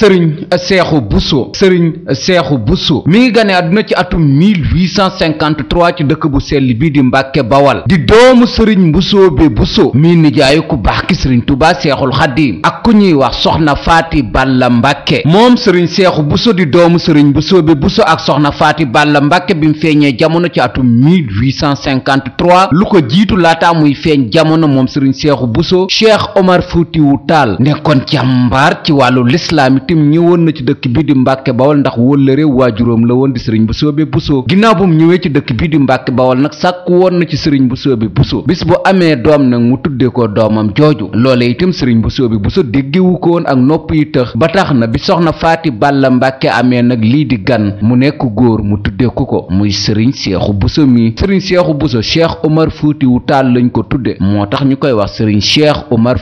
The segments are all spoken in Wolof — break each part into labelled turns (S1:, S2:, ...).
S1: sëriñ seexu buso sëriñ seexu buso mi ngi gane àdduna ci atum 1853 ci dëkk bu sell bii di mbàkke bawal di doomu sëriñ mbusoo be buso mi nijaayu ku baax ki sëriñ tubaa seexul xaddiim ak ku ñuy wax soxna faati balla mbàkke moom sëriñ seexu buso di doomu sëriñ mbusoo be buso ak soxna faati balla mbàkke bi mu feeñee jamono ci atum 1853 lu ko jiitu laata muy feeñ jamono moom sëriñ seexu buso cheikh omar wu taal nekkoon jàmbaar ci wàllu lislaami itam ñëwoon na ci dëkk bii di mbàkke bawol ndax wóllëre waajuróom la woon di sëriñ bu soobe busoo ginnaaw bu mu ñëwee ci dëkk bii di mbàkke bawol nag sàkku woon na ci sëriñ bu soobe busoo bis bu amee doom nag mu tuddee ko doomam jooju loole itam sëriñ bu soobe buso déggewu ko woon ak nopp yi tëx ba tax na bi soxna faati balla mbàkke amee nag lii di gan mu nekk góor mu tuddee ko ko muy sëriñ seexu buso mi sëriñ seexu buso cheikh omar fuuti wu taal lañ ko tudde moo tax ñu koy wax sëriñ cheikh omar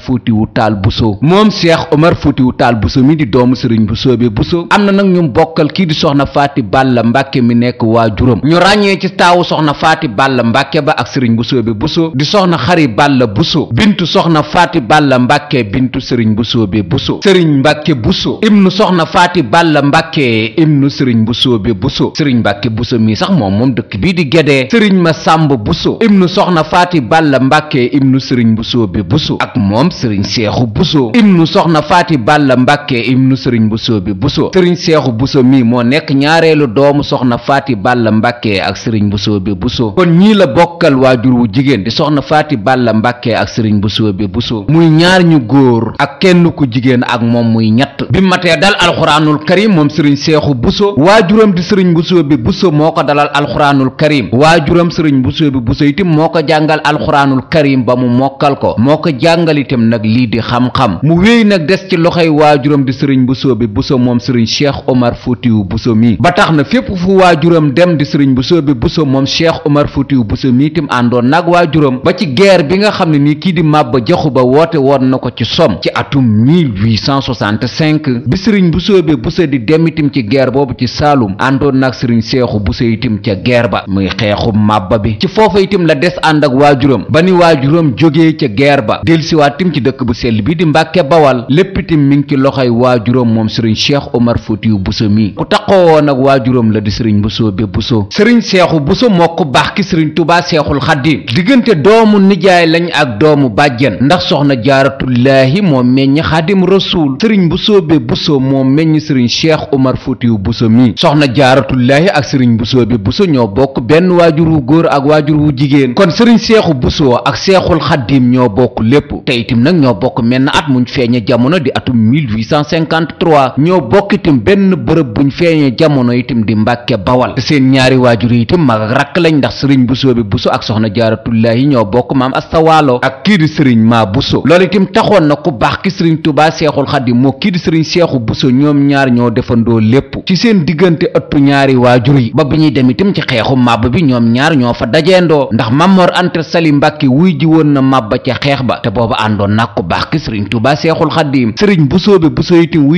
S1: taal buso moom sëriñ Bousso bi Bousso am na nag ñum bokkal kii di soxna Faati Balla Mbàkke mi nekk waa waajuram ñu ràññee ci taawu soxna Faati Balla Mbàkke ba ak sëriñ Bousso bi Bousso di soxna Xari Balla Bousso bintu soxna Faati Balla Mbàkke bintu sëriñ Bousso bi Bousso sëriñ Mbàkke Bousso ibnu soxna Faati Balla Mbàkke nu sëriñ Bousso bi Bousso sëriñ Mbàkke Bousso mii sax moom moom dëkk bii di Gédé sëriñ Masamba Bousso ibnu soxna Faati Balla Mbàkke ibnu sëriñ Bousso bi Bousso ak moom sëriñ Seexu Bousso ibnu soxna Faati Balla Mbàkke ibnu sëriñ Bousso bi Bousso sëriñ Seexu Bousso mi moo nekk ñaareelu doomu soxna Faati Balla Mbàkke ak sëriñ Bousso bi Bousso kon ñii la bokkal waajur wu jigéen di soxna Faati Balla Mbàkke ak sëriñ Bousso bi Bousso muy ñaar ñu góor ak kenn ku jigéen ak moom muy ñett bi matee dal alxuraanul karim moom sëriñ Seexu Bousso waajuram di sëriñ Bousso bi Bousso moo ko dalal alxuraanul karim waajuram sëriñ Bousso bi Bousso itam moo ko jàngal alxuraanul karim ba mu mokkal ko moo ko Bousso bi Bousso moom sëriñ Cheikh Omar Foutiou Bousso mi ba tax na fépp fu waajuram dem di sëriñ Bousso bi Bousso moom Cheikh Omar Foutiou Bousso mi tim àndoon nag waajuram ba ci guerre bi nga xam ne nii kii di Maba Jaxu Ba woote woon na ko ci som ci atum 1865 bi sëriñ Bousso bi Bousso di dem ci guerre boobu ci Saalum àndoon nag sëriñ Seexu Bousso itam ca guerre ba muy xeexu Maba bi ci foofa itam la des ànd ak waajuram ba ni waajuram jógee ca guerre ba dellusiwaat itam ci dëkk waajuróom moom sëriñ cheikh omar Foutiou Bousso mi ku taqoo woon ak waajuróom la di sëriñ Bousso bi Bousso sëriñ seexu Bousso moo ko baax ki sëriñ tubaa seexul diggante doomu nijaay lañ ak doomu bàjjen ndax soxna jaaratullaahi moo meññ xaadim rasuul sëriñ Bousso bi Bousso moo meññ sëriñ cheikh omar Foutiou Bousso mi soxna jaaratullaahi ak sëriñ Bousso bi Bousso ñoo bokk benn waajur wu góor ak waajur wu jigéen kon sëriñ seexu Bousso ak seexul xaddim ñoo bokk lépp te itim nag ñoo bokk menn at muñ feeñe jamono di atum 1963 ñoo bokk itam benn bërëb buñ feeñee jamono itam di mbàkke bawal te seen ñaari waajur yi itam mag ak rakk lañ ndax sëriñ busoo bi buso ak soxna jaaratullaahi ñoo bokk maam astawaalo ak kii di sëriñ maa buso loolu itam taxoon na ku baax ki sëriñ tubaa seexul xadim moo kii di sëriñ seexu buso ñoom ñaar ñoo defandoo lépp ci seen diggante ëttu ñaari waajur yi ba bi ñuy dem itam ci xeexu màbb bi ñoom ñaar ñoo fa dajeendoo ndax mamor anta sali mbàkke wuy ji woon na màbba ca xeex ba te booba àndoon nag ku baax ki seexul xadim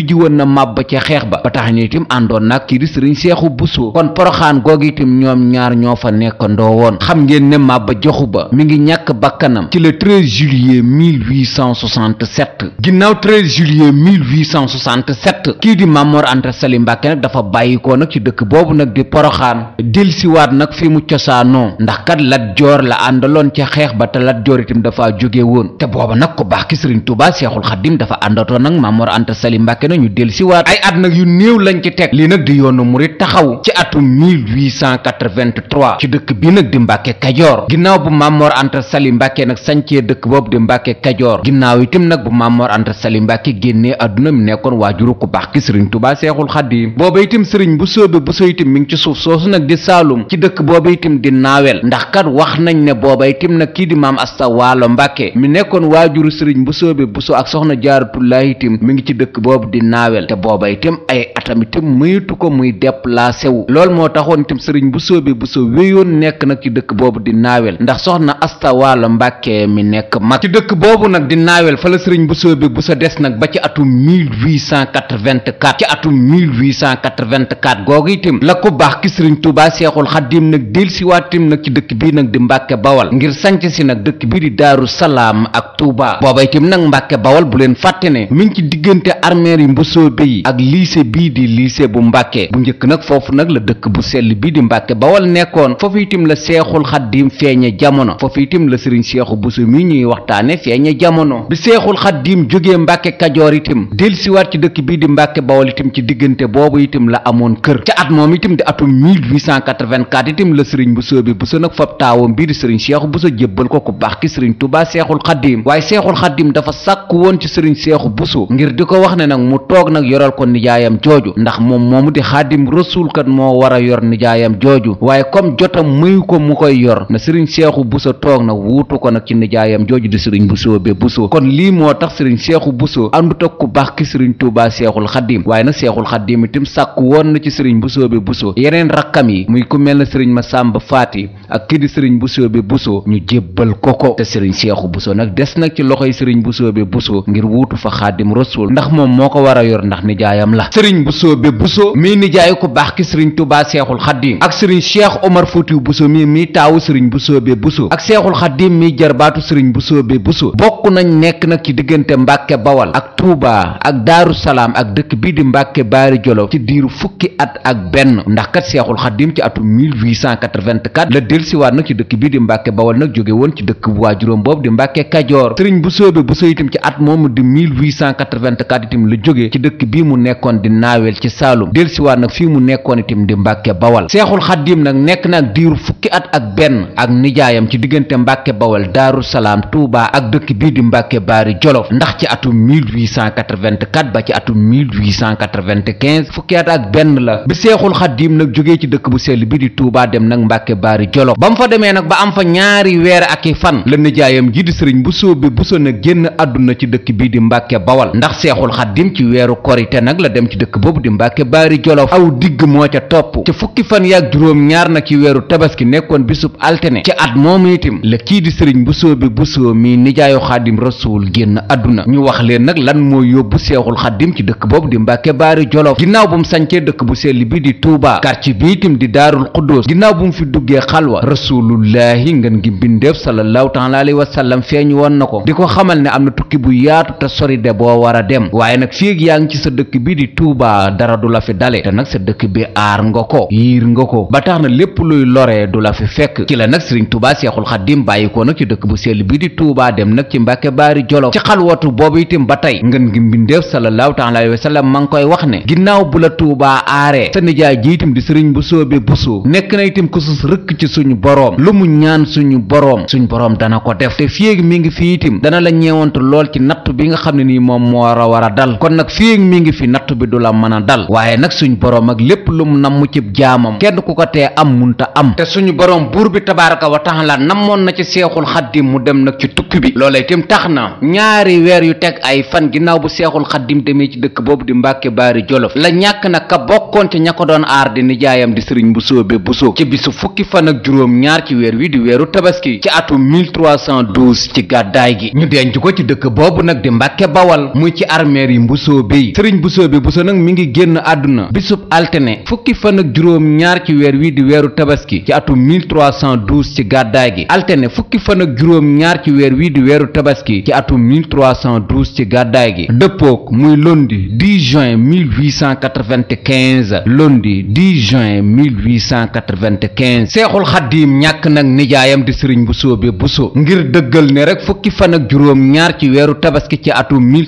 S1: wuy ji woon na màbb ca xeex ba ba tax na itam àndoon nag kii di sëriñ seexu buso kon poroxaan googu itam ñoom ñaar ñoo fa nekkandoo woon xam ngeen ne màbb joxu ba mi ngi ñàkk bàkkanam ci le 13 juillet 1867 ginnaaw 13 juillet 1867 kii di Mamor Anta Sali Mbàkke nag dafa bàyyikoo nag ci dëkk boobu nag di poroxaan delsiwaat nag fi mu cosaanoo ndax kat Lat Joor la àndaloon ca xeex ba te Lat Joor itam dafa jóge woon te booba nag ko baax ki sëriñ Tuubaa Seexul Xaddim nañu del siwaat ay at nag yu néew lañ ci teg lii nag di yoonu murit taxaw ci atum 1883 ci dëkk bi nag di mbàkke kajoor ginnaaw bu Mamor Anta Sali Mbàkke nag sancee dëkk boobu di mbàkke kajoor ginnaaw itam nag bu Mamor Anta Sali Mbàkke génnee àdduna mi nekkoon waajuru ku baax ki sëriñ Tuubaa Seexul Xadiim booba itam sëriñ bu soobe bu so itam mi ngi ci suuf soosu nag di saalum ci dëkk booba itam di naawel ndax kat wax nañ ne booba itam nag kii di maam asta waalo mbàkke mi nekkoon waajuru sëriñ bu soobe bu so ak soxna jaaratullaahi ngi ci dëkk di naawel te booba itam ay atam itam mayutu ko muy déplacé wu lool moo taxoon itam sëriñ Bousso bi Bousso wéyoon nekk nag ci dëkk boobu di naawel ndax soxna Asta Walo Mbàkke mi nekk mag ci dëkk boobu nag di naawel fa la sëriñ soobee bu sa des nag ba ci atum 1884 ci atum 1884 googu itam la ko baax ki sëriñ Tuubaa Seexul Xadiim nag dellusiwaat itam nag ci dëkk bii nag di Mbàkke Bawal ngir sanc si nag dëkk bii di Daaru Salaam ak Tuubaa booba itam nag Mbàkke Bawal bu leen fàtte ne mi mbusoobe yi ak lycée bii di lycée bu mbàkke bu njëkk nag foofu nag la dëkk bu sell bii di mbàkke bawal nekkoon foofu itam la seexul xaddiim feeñe jamono foofu itam la sëriñ seexu buso mi ñuy waxtaane feeñe jamono bi seexul xaddiim jógee mbàkke kajoor itam delsiwaat ci dëkk bii di mbàkke bawal itam ci diggante boobu itam la amoon kër ca at moom itam di atum 1884 itam la sëriñ mbusoobe buso nag fab taawam bii di sëriñ seexu buso jébbal ko ku baax ki sëriñ tubaa seexul xaddiim waaye seexul xaddiim dafa sàkk woon ci sëriñ seexu buso ngir di ko wax ne nag mu toog nag yoral ko nijaayam jooju ndax moom moomu di xaadim rasuul kat moo war a yor nijaayam jooju waaye comme jotam muy ko mu koy yor na sëriñ seexu buso toog na wuutu ko nag ci nijaayam jooju di sëriñ buso be buso kon lii moo tax sëriñ seexu buso àndut ak ku baax ki sëriñ tuubaa seexul xaddim waaye nag seexul xaddim itam sàkku woon na ci sëriñ buso be buso yeneen rakkam yi muy ku mel na sëriñ Masamba Faati ak kii di sëriñ buso be buso ñu jébbal ko ko te sëriñ seexu buso nag des nag ci loxo yi sëriñ buso be buso ngir wuutu fa xaadim rasuul ndax moom moo ko ko war a yor ndax nijaayam la sëriñ Bousso be Bousso mii nijaay ku baax ki sëriñ Touba Seexul Xaddiim ak sëriñ Cheikh Omar Foutiou Bousso mii mii taawu sëriñ Bousso be bu ak Seexul Xaddiim mii jarbaatu sëriñ Bousso be Bousso bokk nañ nekk nag ci diggante Mbàkke Bawal ak Touba ak Daaru Salaam ak dëkk bii di Mbàkke Baari Jolof ci diiru fukki at ak benn ndax kat Seexul Xaddiim ci atum 1884 la delsiwaat nag ci dëkk bii di Mbàkke Bawal nag jóge woon ci dëkk bu waajuróom boobu di Mbàkke Kajoor sëriñ Bousso be Bousso itam ci at moomu jóge ci dëkk bii mu nekkoon di naawel ci saalum delsiwaat nag fii mu nekkoon itam di mbàkke bawal seexul xaddiim nag nekk na ak fukki at ak benn ak nijaayam ci diggante mbàkke bawal daaru salaam tuubaa ak dëkk bii di baari jolof ndax ci atum 1884 ba ci atum 1895 fukki at ak benn la bi seexul xaddiim nag jógee ci dëkk bu sell bi di tuubaa dem nag mbàkke baari jolof ba mu fa demee nag ba am fa ñaari weer ak i fan la nijaayam ji di sëriñ bu sóobe bu so nag génn àdduna ci dëkk bii di mbàkke bawal ndax seexul xaddiim ci weeru korite nag la dem ci dëkk boobu di mbàkke baari jolof aw digg moo ca topp ca fukki fan yaag juróom ñaar nag ci weeru tabaski nekkoon bisub altene ci at moomu itam la kii di sëriñ busoo bi busoo mii nijaayu xaadim rasuul génn àdduna ñu wax leen nag lan moo yóbbu seexul xaadim ci dëkk boobu di mbàkke baari jolof ginnaaw bu mu sancee dëkk bu sell bi di tuubaa quartier itam di daarul xuddoos ginnaaw bu mu fi duggee xalwa rasulullahi ngeen gi bindeef sallallahu taala alayhi wa sallam feeñ woon na ko di ko xamal ne am na tukki bu yaatu te sori de feeg yaa ngi ci sa dëkk di Touba dara du la fi dale te nag sa dëkk ko ba tax na lépp luy du la fi fekk la nag Serigne Touba Seexul Xaddim bàyyi ko nag ci dëkk bu sell bi di Touba dem nag ci Mbàkke Baari Jolof ci xalwatu boobu itam ba tey ngeen gi mbindeef sallallahu taala alayhi wa sallam ma ngi koy wax ne ginnaaw bu la Touba aaree sa nijaay ji itam di Serigne bu soobe bu nekk na itam ku sus rëkk ci suñu boroom lu mu ñaan suñu boroom suñu boroom dana ko def te feeg mi ngi fi itam dana la ñeewantu lool ci natt bi nga xam ne nii moom moo war a dal nag fii ak mi ngi fi natt bi du la mën a dal waaye nag suñu boroom ak lépp lu mu namm ci jaamam kenn ku ko tee am munta am te suñu boroom buur bi tabaaraka wa la namoon na ci seexul xaddim mu dem nag ci tukki bi loola itam tax na ñaari weer yu teg ay fan ginnaaw bu seexul xaddim demee ci dëkk boobu di mbàkke baari jolof la ñàkk nag ka bokkoon ci ña ko doon aar di nijaayam di sëriñ Buso bu Buso ci bisu fukki fan ak juróom ñaar ci weer wi di weeru tabaski ci atu 1312 ci gàddaay gi ñu denc dëkk boobu nag Bousso Bèye sëriñ Bousso Bèye Bousso nag mi ngi génn àdduna bisub altene fukki fan ak juróom ñaar ci weer wi di weeru tabaski ci atum 1312 ci gàddaay gi altene fukki fan ak juróom ñaar ci weer wi di weeru tabaski ci atum 1312 ci gàddaay gi dëppook muy lundi 10 juin 1895 lundi 10 juin 1895 seexul xaddiim ñàkk nag nijaayam di sëriñ Bousso Bèye Bousso ngir dëggal ne rek fukki fan ak juróom ñaar ci weeru tabaski ci atum ci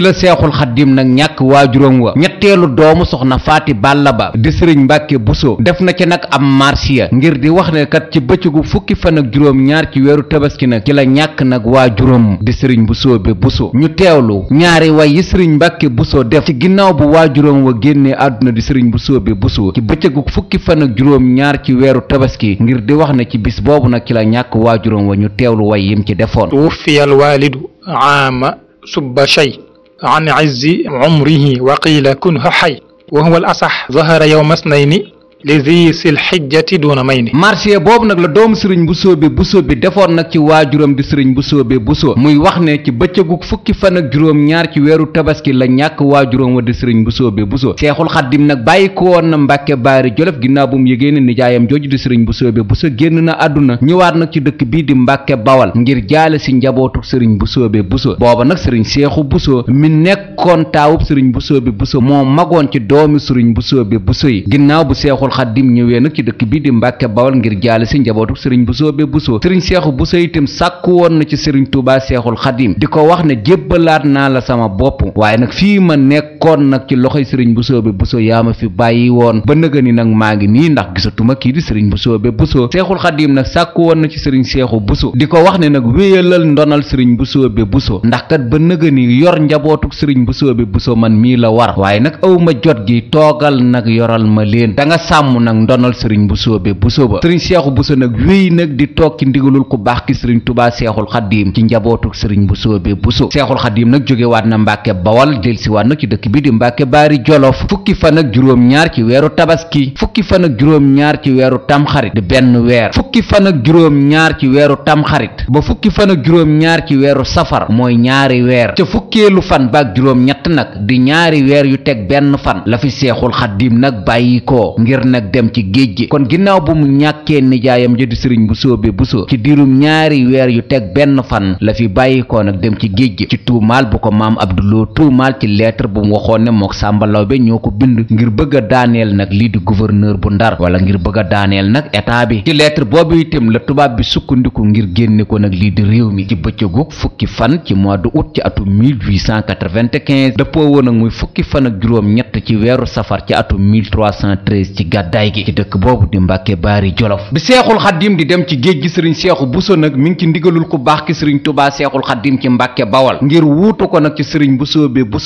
S1: la seexul seexul xaddim nag ñàkk waajuram wa ñetteelu doomu soxna faati balla ba di sëriñ mbàkke buso def na ci nag am marsiya ngir di wax ne kat ci bëccëgu fukki fan ak juróom ñaar ci weeru tabaski nag ci ñàkk nag waajuram di sëriñ buso bi buso ñu teewlu ñaari way yi sëriñ mbàkke def ci ginnaaw bu waajuram wa génnee àdduna di sëriñ buso bi buso ci bëccëgu fukki fan ak juróom ñaar ci weeru tabaski ngir di wax na ci bis boobu nag ci la ñàkk waajuram wa ñu teewlu way yim ci defoon wufiyal waalidu aama subba shay عن عز عمره وقيل كنه حي وهو الأصح ظهر يوم اثنين li zi sil xijjati duuna may ni marché boobu nag la doomu sëriñ bu soobe bu soobe defoon nag ci waajuram di sëriñ bu soobe bu soo muy wax ne ci bëccëgu fukki fan ak juróom ñaar ci weeru tabaski la ñàkk waajuram wa di sëriñ bu soobe bu soo seexul xaddim nag bàyyi ko woon na mbàkke baari jolof ginnaaw bu mu yégée ne nijaayam jooju di sëriñ bu soobe bu génn na àdduna ñëwaat nag ci dëkk bii di mbàkke bawal ngir jaale si njabootu sëriñ bu soobe bu soo booba nag sëriñ seexu bu soo mi nekkoon taawub sëriñ bu soobe bu soo moo magoon ci doomi sëriñ bu soobe bu soo yi bu seexul Seexul Xaddim ñëwee nag ci dëkk bi di Mbàkke Bawol ngir jaale si njabootu sëriñ Buso be Buso sëriñ Seexu Buso itam sàkku woon na ci sëriñ Tuubaa Seexul Xaddim di ko wax ne jébbalaat naa la sama bopp waaye nag fii ma nekkoon nag ci loxoy sëriñ Buso be Buso yaa ma fi bàyyi woon ba nëgëni nag maa ngi nii ndax gisatuma kii di sëriñ Buso be Buso Seexul Xaddim nag sàkk woon na ci sëriñ Seexu Buso di ko wax ne nag wéyalal ndonal sëriñ Buso be Buso ndax kat ba nëgëni yor njabootuk sëriñ Buso be Buso man mii la war waaye nag aw jot gi toogal nag yoral ma leen da nga sàmm nag ndonal sëriñ Bousso bi Bousso ba sëriñ Seexu Bousso nag wéy nag di toog ci ndigalul ku baax ki sëriñ Tubaa Seexul Xadiim ci njabootu sëriñ Bousso bi Bousso Seexul Xadiim nag waat na Mbàkke Bawal delsiwaat nag ci dëkk bi di Mbàkke Baari Jolof fukki fan ak juróom-ñaar ci weeru tabaski fukki fan ak juróom-ñaar ci weeru tamxarit di benn weer fukki fan ak juróom-ñaar ci weeru tamxarit ba fukki fan ak juróom-ñaar ci weeru safar mooy ñaari weer ca fukkeelu fan baak juróom-ñett nag di ñaari weer yu teg benn fan la fi Seexul kon nag dem géej gi kon ginnaaw bu mu ñàkkee nijaayam ja di sëriñ bu soobe bu soo ci diirum ñaari weer yu teg benn fan la fi bàyyikoo nag dem ci géej gi ci tuumaal bu ko maam abduloo tuumaal ci lettre bu mu waxoon ne mook Sàmba Lawbe ñoo ko bind ngir bëgg daaneel nag lii di gouverneur bu ndar wala ngir bëgg a daaneel nag état bi ci lettre boobu itam la tubaab bi sukkandiku ngir génne ko nag lii di réew mi ci bëccëgu fukki fan ci mois de août ci atum 1895 dëppoo woon ak muy fukki fan ak juróom ci weeru safar ci atum 1313 ci gàddaay gi ci dëkk boobu di mbàkke baari jolof bi seexul xaddim di dem ci géej gi sëriñ seexu buso nag mi ngi ci ndigalul ku baax ki sëriñ tubaa seexul xaddim ci mbàkke bawal ngir wuutu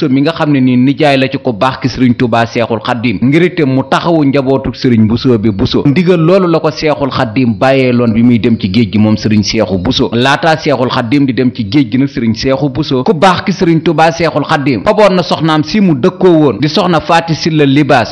S1: bi nga xam ne nii nijaay la ci ku baax ki sëriñ tubaa seexul xaddim ngir itam mu taxawu njabootu sëriñ buso bi buso ndigal loolu la ko seexul xaddim bàyyee loon bi muy dem ci géej gi moom sëriñ seexu buso laataa seexul xaddim di dem ci géej gi nag sëriñ seexu buso ku baax ki sëriñ tubaa seexul xaddim faboon na soxnaam si mu dëkkoo woon di soxna faati silla libaas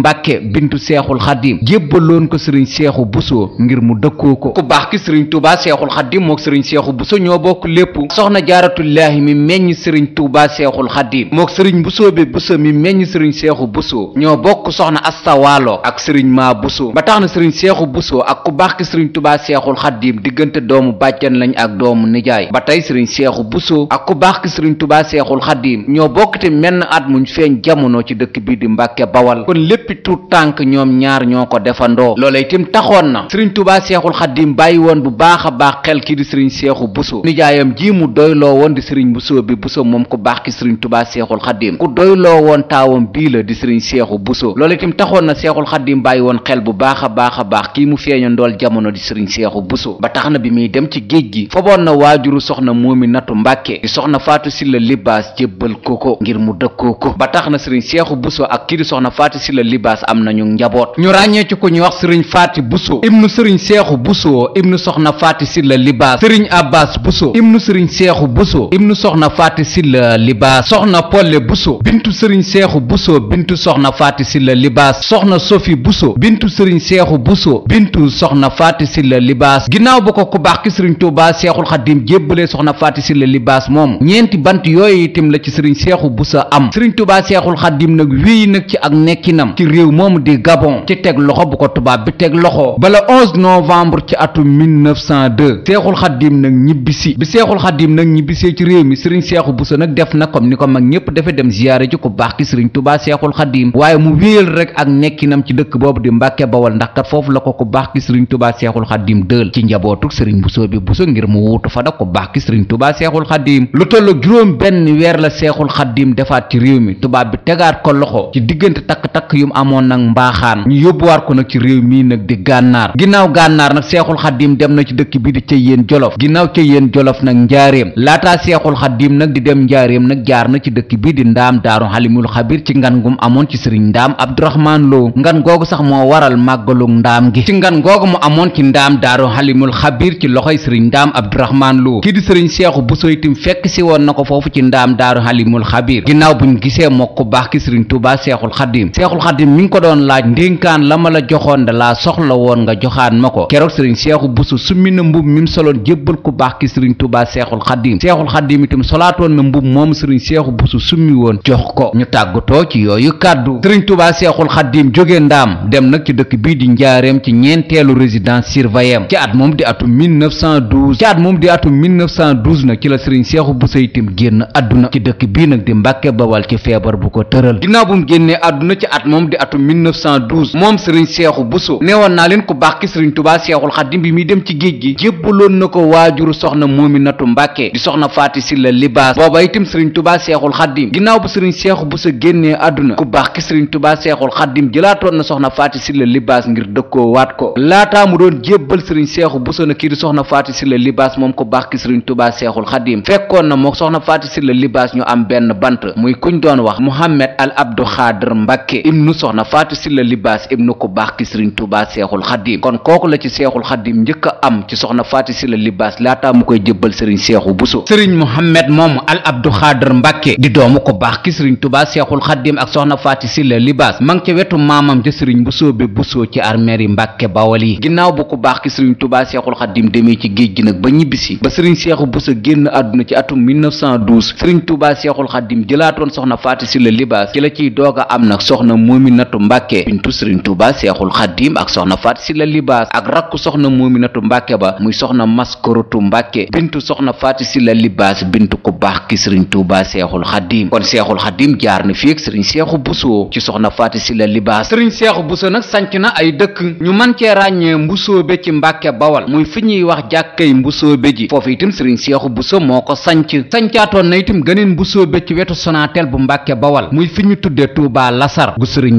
S1: mbàkke bintu seexul xadim jébbaloon ko sëriñ seexu buso ngir mu dëkkoo ko ku baax ki sëriñ tubaa seexul xadim mook sëriñ seexu buso ñoo bokk lépp soxna jaaratullaahi mi meññ sëriñ tuuba seexul xadim mook sëriñ buso bi buso mi meññ sëriñ seexu buso ñoo bokk soxna astawaalo ak sëriñ maa buso ba tax na sëriñ seexu buso ak ku baax ki sëriñ tuuba seexul xadim diggante doomu bàjjan lañ ak doomu nijaay ba tey sëriñ seexu buso ak ku baax ki sëriñ tuuba seexul xadim ñoo bokk te menn at muñ feeñ jamono ci dëkk bii di mbàkke bawal kon lépp depuis tout tànk ñoom ñaar ñoo ko defandoo loola itam taxoon na sëriñ tubaa seexul xaddim bàyyi woon bu baax a baax xel kii di sëriñ seexu buso nijaayam ji mu doyloo woon di sëriñ buso bi buso moom ku baax ki sëriñ tubaa seexul xaddim ku doyloo woon taawam bii la di sëriñ seexu buso loola itam taxoon na seexul xaddim bàyyi woon xel bu baax a baax a baax kii mu feeñoon dool jamono di sëriñ seexu buso ba tax na bi muy dem ci géej gi foboon na waajuru soxna moomi natu mbàkke di soxna faatu silla libaas jébbal ko ko ngir mu dëkkoo ko ba tax na sëriñ seexu buso ak kii di soxna faatu silla libaas am ñu njaboot ñu ràññee ci ku ñuy wax sëriñ faati buso ibnu sëriñ seexu buso ibnu soxna faati silla libaas sëriñ abbas buso ibnu sëriñ seexu buso ibnu soxna faati silla libaas soxna polle buso bintu sëriñ seexu buso bintu soxna faati silla libaas soxna sofi buso bintu sëriñ seexu buso bintu soxna faati silla libaas ginnaaw bu ko ku baax ki sëriñ tuubaa seexul xadim jébbalee soxna faati silla libaas moomu ñeenti bant yooyu itam la ci sëriñ seexu buso am sëriñ tuubaa seexul xadim nag wéy nag ci ak nekkinam ci réew moomu di Gabon ci teg loxo bu ko tubaab bi teg loxo bala 11 novembre ci atum 1902 seexul xaddiim nag ñibbisi bi seexul xaddiim nag ñibbisee ci réew mi sëriñ seexu buso nag def na comme ni ko mag ñépp dafa dem ziyaare ji ku baax ki sëriñ tubaa seexul xaddiim waaye mu wéyal rek ak nekkinam ci dëkk boobu di mbàkke bawal ndax kat foofu la ko ko baax ki sëriñ tubaa seexul xaddiim dël ci njabootuk sëriñ buso bi buso ngir mu wuutu fa nag ko baax ki sëriñ tubaa seexul xaddiim lu tollu juróom benn weer la seexul xaddiim defaat ci réew mi tubaab bi mu amoon nag mbaaxaan ñu yóbbuwaat ko nag ci réew mii nag di gànnaar ginnaaw gànnaar nag seexul xaddiim dem na ci dëkk bi di ca yéen jolof ginnaaw ca yéen jolof nag njaaréem laataa seexul xaddiim nag di dem njaaréem nag jaar na ci dëkk bi di ndaam daaru xalimul xabir ci ngan gum amoon ci sëriñ ndaam abdourahmaan loo ngan googu sax moo waral màggalu ndaam gi ci ngan googu mu amoon ci ndaam daaru xalimul xabir ci loxoy sëriñ ndaam abdourahmaan loo kii di sëriñ seexu bu soyitim fekk si woon na ko foofu ci ndaam daaru xalimul xabir ginnaaw buñ gisee moo ku baax ki sëriñ tuubaa seexul xaddiim xaadim mi ngi ko doon laaj ndénkaan la ma la joxoon da laa soxla woon nga joxaat ma ko keroog sëriñ seexu busu summi na mbub mi mu soloon jébbal ku baax ki sëriñ tubaa seexul xadim seexul xadim itam solaatoon na mbub moom sëriñ seexu busu summi woon jox ko ñu tàggatoo ci yooyu kàddu sëriñ tubaa seexul xadim jóge ndaam dem nag ci dëkk bii di njaareem ci ñeenteelu résidence surveillée ci at moom di atum 1912 ci at moom di atum 1912 nag ci la sëriñ seexu busu itam génn àdduna ci dëkk bii nag di mbàkke bawal ci feebar bu ko tëral di atum 1912 moom sëriñ seexu buso neewoon naa leen ku baax ki sëriñ tubaa seexul xaddim bi muy dem ci géej gi jébbaloon na ko waajuru soxna moominatu mbàkke di soxna faati silla libaas booba itam sëriñ tubaa seexul xaddim ginnaaw bu sëriñ seexu buso génnee àdduna ku baax ki sëriñ tubaa seexul xaddim jëlaatoon na soxna faati silla libaas ngir dëkkoo waat ko laataa mu doon jébbal sëriñ seexu buso na kii di soxna faati silla libaas moom ku baax ki sëriñ tubaa seexul xaddim fekkoon na moo soxna faati silla libaas ñu am benn bant muy kuñ doon wax muhammad al abdu xaadir mbàkke soxna faatu silla libaas ibnu ku baax ki sëriñ tuubaa seexul xaddiim kon kooku la ci seexul xaddiim njëkk a am ci soxna faatu silla libaas laataa mu koy jébbal sëriñ seexu buso sëriñ mohammed moomu al abdu xaadir mbàkke di doomu ku baax ki sëriñ tuubaa seexul xaddiim ak soxna faatu silla libaas ma ngi ca wetu maamam ja sëriñ busoo bi busoo ci armeer yi mbàkke bawal yi ginnaaw bu ku baax ki sëriñ tuubaa seexul xaddiim demee ci géej gi nag ba ñibbisi ba sëriñ seexu buso génn àdduna ci atum 1912 sëriñ tuubaa seexul xaddiim jëlaatoon soxna faatu Muminatu Mbàkke bintu Sëriñ Tuuba Seexul Xaddiim ak soxna Faat Silla Libaas ak rakku soxna Muminatu Mbàkke ba muy soxna Maskorotu Mbàkke bintu soxna Faat Silla Libaas bintu ku baax ki Sëriñ Tuuba Seexul Xaddiim kon Seexul Xaddiim jaar na fii ak Sëriñ Seexu Buso ci soxna Faat Silla Libaas Sëriñ Seexu Buso nag sanc na ay dëkk ñu man cee ràññee mbusoobe ci Mbàkke Bawal muy fi ñuy wax jàkkay mbusoobe ji foofu itam Sëriñ Seexu Buso moo ko sanc sancaatoon na itam gëneen mbusoobe ci wetu Sonatel bu Mbàkke Bawal muy fi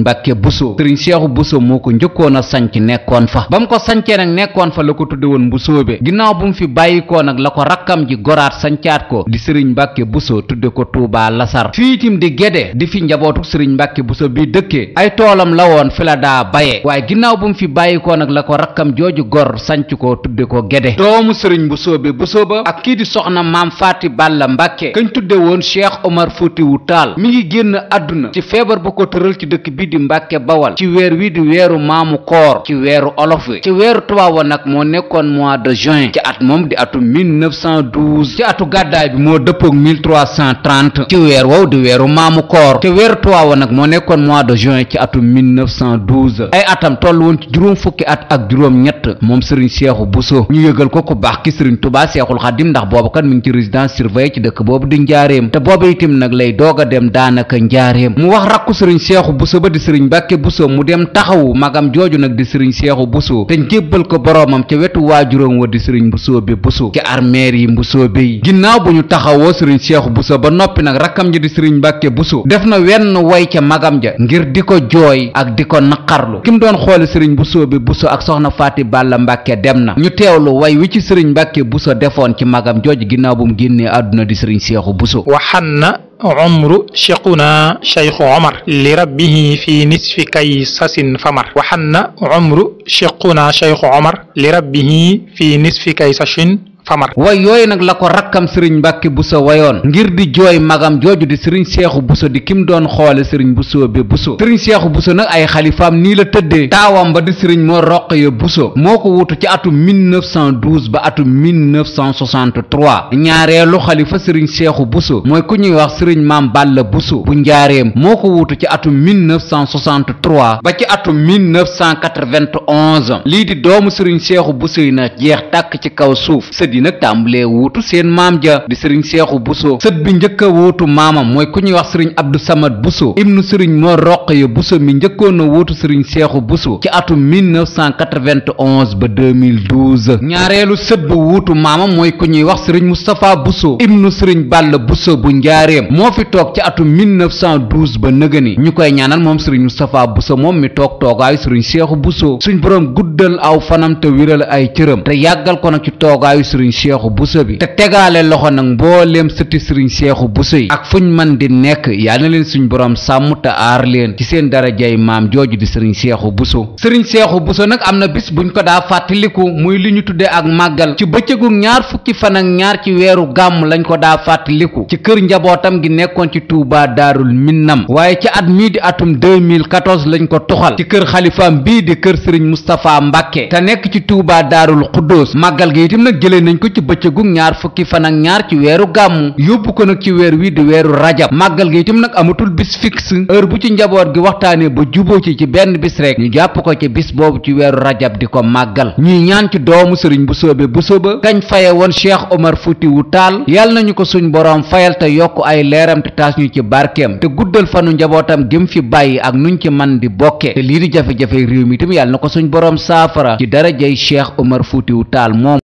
S1: Mbàkke Buso sëriñ Seexu Buso moo ko njëkkoon a sanc nekkoon fa ba mu ko sancee nag nekkoon fa la ko tudde woon Mbusoobe ginnaaw bu mu fi bàyyikoo nag la ko rakkam ji goraat sancaat ko di sëriñ Mbàkke Buso tudde ko Tuubaa Lasar fii itam di Gédé di fi la woon fi la daa baye waaye ginnaaw bu mu fi bàyyikoo nag la ko rakkam jooju gor sanc ko tudde ko Gédé doomu sëriñ Mbusoobe Buso ba ak kii di soxna Maam Faati Balla Mbàkke kañ tudde woon Cheikh Omar Fuutiwu Taal mi ngi génn àdduna ci feebar bu ko tëral ci dëkk bi di mbàkke bawal ci weer wi di weeru maamu koor ci weeru olof wi ci weeru tubaab wa nag moo nekkoon mois de juin ci at moom di atu 1912 ci atu gàddaay bi moo dëppoog 1330 ci weer wow di weeru maamu koor ci weeru tubaab wa nag moo nekkoon mois de juin ci atu 1912 ay atam toll woon ci juróom fukki at ak juróom ñett moom sëriñ seexu buso ñu yëgal ko ko baax ki sëriñ tubaa seexul xadim ndax boobu kat mi ngi ci résidence surveillée ci dëkk boobu di njaareem te boobu itam nag lay doog a dem daanaka njaareem di sëriñ Mbàkke Buso mu dem taxawu magam jooju nag di sëriñ Seexu Buso te njébbal ko boroomam ca wetu waajuram wa di sëriñ bi Buso ci armeer yi Mbusoobe yi ginnaaw bu ñu taxaw taxawoo sëriñ Seexu Buso ba noppi nag rakkam ji di sëriñ Mbàkke Buso def na wenn woy ca magam ja ngir di ko jooy ak di ko naqarlu ki mu doon xoole sëriñ Mbusoobe Buso ak soxna Faati Balla Mbàkke dem na ñu teewlu way wi ci sëriñ Mbàkke Buso defoon ci magam jooju ginnaaw bu mu génnee àdduna di sëriñ Seexu عمر شيخنا شيخ عمر لربه في نصف كيسس فمر وحن عمر شيخنا شيخ عمر لربه في نصف كيسس famar way yooyu nag la ko rakkam sëriñ mbàkke buso wayoon ngir di jooy magam jooju di sëriñ seexu buso di kim doon xoole sëriñ buso bi buso sëriñ seexu buso nag ay xalifaam nii la tëddee taawam ba di sëriñ moo roqaya buso moo ko wutu ci atum 1912 ba atum 1963 ñaareelu xalifa sëriñ seexu buso mooy ku ñuy wax sëriñ maam balla buso bu njaareem moo ko wutu ci atum 1963 ba ci atum 1991 lii di doomu sëriñ seexu buso yi na jeex tàkk ci kaw suuf sëdi gi nag tàmbalee wuutu seen maam ja di sëriñ seexu buso sët bi njëkk a wuutu maamam mooy ku ñuy wax sëriñ abdu samad buso ibnu sëriñ moo roq ya buso mi njëkkoon a wuutu sëriñ seexu buso ci atum 1991 ba 2012 ñaareelu sët bu wuutu maamam mooy ku ñuy wax sëriñ mustapha buso ibnu sëriñ bàll buso bu njaareem moo fi toog ci atum 1912 ba nëgëni ñu koy ñaanal moom sëriñ mustapha buso moom mi toog toogaayu sëriñ seexu buso suñ boroom guddal aw fanam te wéral ay cëram te yàggal ko sëriñ seexu buso bi te tegaale loxo nag mbooleem sëti sëriñ seexu buso yi ak fuñ man di nekk yal na leen suñu boroom sàmm te aar leen ci seen darajay maam jooju di sëriñ seexu buso sëriñ seexu buso nag am na bis buñ ko daa fàttaliku muy li ñu tuddee ak màggal ci bëccëgu ñaar fukki fan ak ñaar ci weeru gàmm lañ ko daa fàttaliku ci kër njabootam gi nekkoon ci Touba Daarul Minnam waaye ci at mii di atum 2014 lañ ko tuxal ci kër xalifaam bii di kër sëriñ Moustapha Mbàkke nañ ko ci bëccëgu ñaar fukki fan ñaar ci weeru gàmmu yóbbu ko nag ci weer wi di weeru rajab màggal gi itam nag amatul bis fixe heure bu ci njaboot gi waxtaanee ba juboo ci ci benn bis rek ñu jàpp ko ci bis boobu ci weeru rajab di ko màggal ñuy ñaan ci doomu sëriñ bu soobee bu sooba kañ faye woon cheikh omar fuuti wu taal yàlla nañu ko suñ borom fayal te yokk ay leeram te taas ñu ci barkeem te guddal fanu njabootam gém fi bàyyi ak nuñ ci man di bokke lii di jafe-jafe réew mi itam yàlla na ko suñ boroom saafara